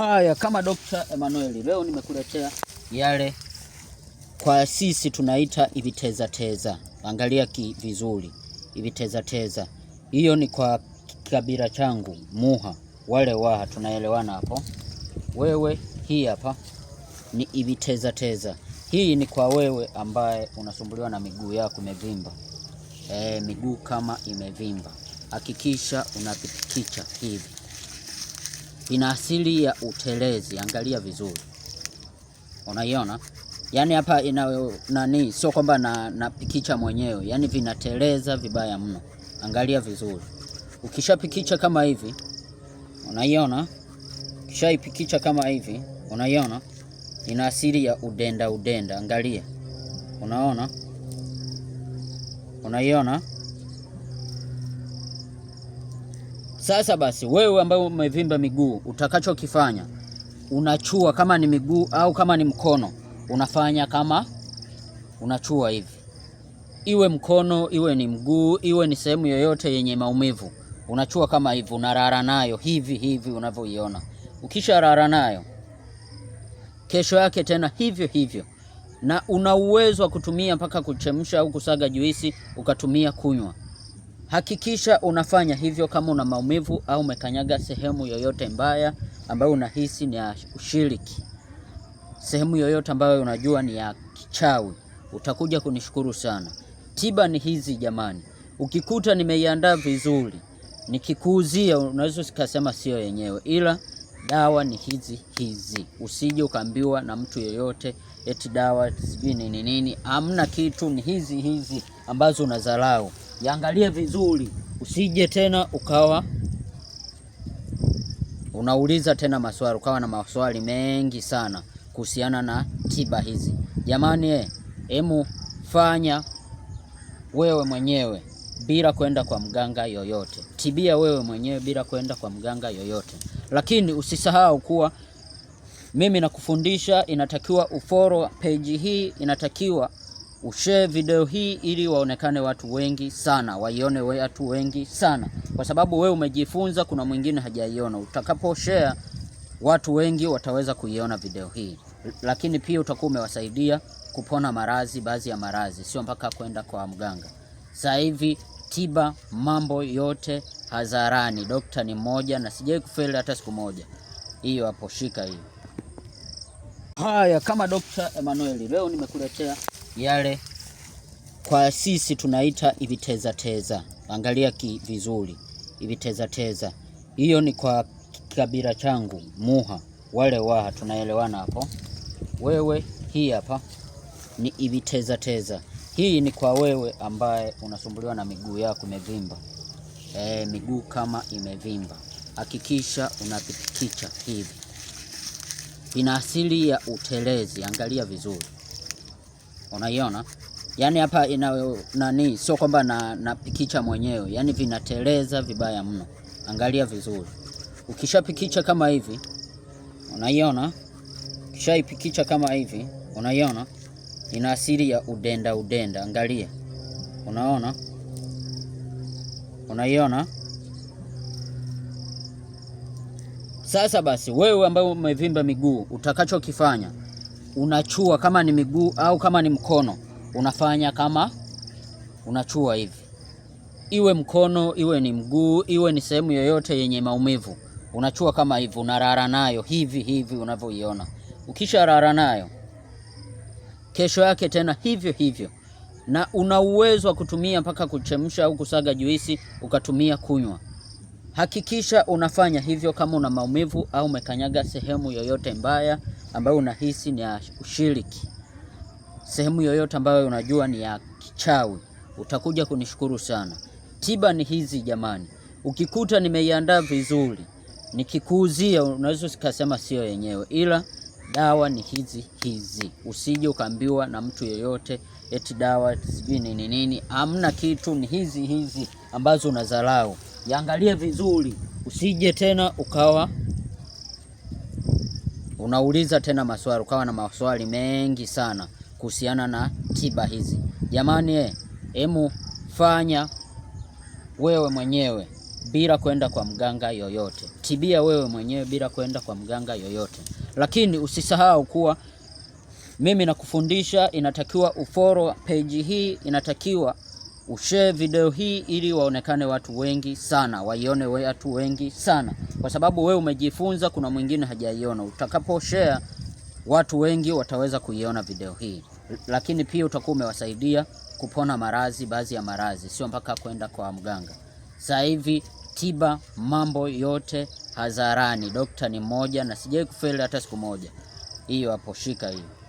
Haya, kama Dr. Emmanuel leo nimekuletea yale kwa sisi tunaita ibiteza teza. Angalia ki vizuri, ibiteza teza hiyo ni kwa kabila changu Muha, wale Waha, tunaelewana hapo. Wewe hii hapa ni ibiteza teza, hii ni kwa wewe ambaye unasumbuliwa na miguu yako imevimba. E, miguu kama imevimba, hakikisha unapikicha hivi ina asili ya utelezi. Angalia vizuri, unaiona yaani hapa ina nani, sio kwamba na, na pikicha mwenyewe, yaani vinateleza vibaya mno. Angalia vizuri, ukishapikicha kama hivi, unaiona ukishaipikicha kama hivi, unaiona ina asili ya udenda udenda. Angalia, unaona, unaiona Sasa basi, wewe ambaye umevimba miguu, utakachokifanya unachua, kama ni miguu au kama ni mkono, unafanya kama unachua hivi, iwe mkono iwe ni mguu iwe ni sehemu yoyote yenye maumivu, unachua kama hivi, unarara nayo hivi hivi unavyoiona. Ukisha rara nayo, kesho yake tena hivyo hivyo, na una uwezo wa kutumia mpaka kuchemsha au kusaga juisi ukatumia kunywa. Hakikisha unafanya hivyo kama una maumivu au umekanyaga sehemu yoyote mbaya ambayo unahisi ni ya ushiriki, sehemu yoyote ambayo unajua ni ya kichawi, utakuja kunishukuru sana. Tiba ni hizi jamani, ukikuta nimeiandaa vizuri, nikikuuzia unaweza ukasema sio yenyewe, ila dawa ni hizi hizi. Usije ukaambiwa na mtu yoyote eti dawa sijui nini nini, amna kitu. Ni hizi hizi ambazo unadharau yaangalie vizuri, usije tena ukawa unauliza tena maswali ukawa na maswali mengi sana kuhusiana na tiba hizi. Jamani, eh, hemu fanya wewe mwenyewe bila kwenda kwa mganga yoyote, tibia wewe mwenyewe bila kwenda kwa mganga yoyote. Lakini usisahau kuwa mimi nakufundisha, inatakiwa ufollow page hii, inatakiwa ushare video hii ili waonekane watu wengi sana, waione watu wengi sana, kwa sababu wewe umejifunza, kuna mwingine hajaiona. Utakapo share watu wengi wataweza kuiona video hii, lakini pia utakuwa umewasaidia kupona maradhi, baadhi ya maradhi, sio mpaka kwenda kwa mganga. Sasa hivi tiba mambo yote hadharani, dokta ni mmoja na sijai kufeli hata siku moja. Hiyo hapo, shika hiyo. Haya, kama Dokta Emmanuel leo nimekuletea yale kwa sisi tunaita iviteza teza. Angalia ki vizuri, iviteza teza hiyo ni kwa kabila changu Muha, wale Waha, tunaelewana hapo. Wewe hii hapa ni iviteza teza, hii ni kwa wewe ambaye unasumbuliwa na miguu yako imevimba. E, miguu kama imevimba, hakikisha unapikicha hivi, ina asili ya utelezi. Angalia vizuri unaiona yani hapa ina nani, sio kwamba na, na pikicha mwenyewe, yani vinateleza vibaya mno. Angalia vizuri, ukishapikicha kama hivi, unaiona ukishaipikicha kama hivi, unaiona ina asili ya udenda udenda. Angalia, unaona, unaiona sasa. Basi wewe ambaye umevimba miguu, utakachokifanya unachua kama ni miguu au kama ni mkono, unafanya kama unachua hivi, iwe mkono iwe ni mguu iwe ni sehemu yoyote yenye maumivu, unachua kama hivi, unarara nayo hivi hivi unavyoiona. Ukisha rara nayo, kesho yake tena hivyo hivyo, na una uwezo wa kutumia mpaka kuchemsha au kusaga juisi ukatumia kunywa. Hakikisha unafanya hivyo kama una maumivu au umekanyaga sehemu yoyote mbaya ambayo unahisi ni ya ushiriki, sehemu yoyote ambayo unajua ni ya kichawi, utakuja kunishukuru sana. Tiba ni hizi jamani, ukikuta nimeiandaa vizuri, nikikuuzia unaweza ukasema sio yenyewe, ila dawa ni hizi hizi. Usije ukaambiwa na mtu yeyote eti dawa sijui nini nini, hamna kitu, ni hizi hizi ambazo unadharau. Yaangalie vizuri, usije tena ukawa unauliza tena maswali, ukawa na maswali mengi sana kuhusiana na tiba hizi. Jamani, hemu eh, fanya wewe mwenyewe bila kwenda kwa mganga yoyote, tibia wewe mwenyewe bila kwenda kwa mganga yoyote. Lakini usisahau kuwa mimi nakufundisha, inatakiwa ufollow page hii, inatakiwa ushare video hii ili waonekane watu wengi sana, waione watu wengi sana, kwa sababu we umejifunza, kuna mwingine hajaiona. Utakapo share watu wengi wataweza kuiona video hii, lakini pia utakuwa umewasaidia kupona maradhi, baadhi ya maradhi, sio mpaka kwenda kwa mganga. Sasa hivi tiba mambo yote hadharani, dokta ni mmoja na sijai kufeli hata siku moja. Hiyo hapo, shika hiyo.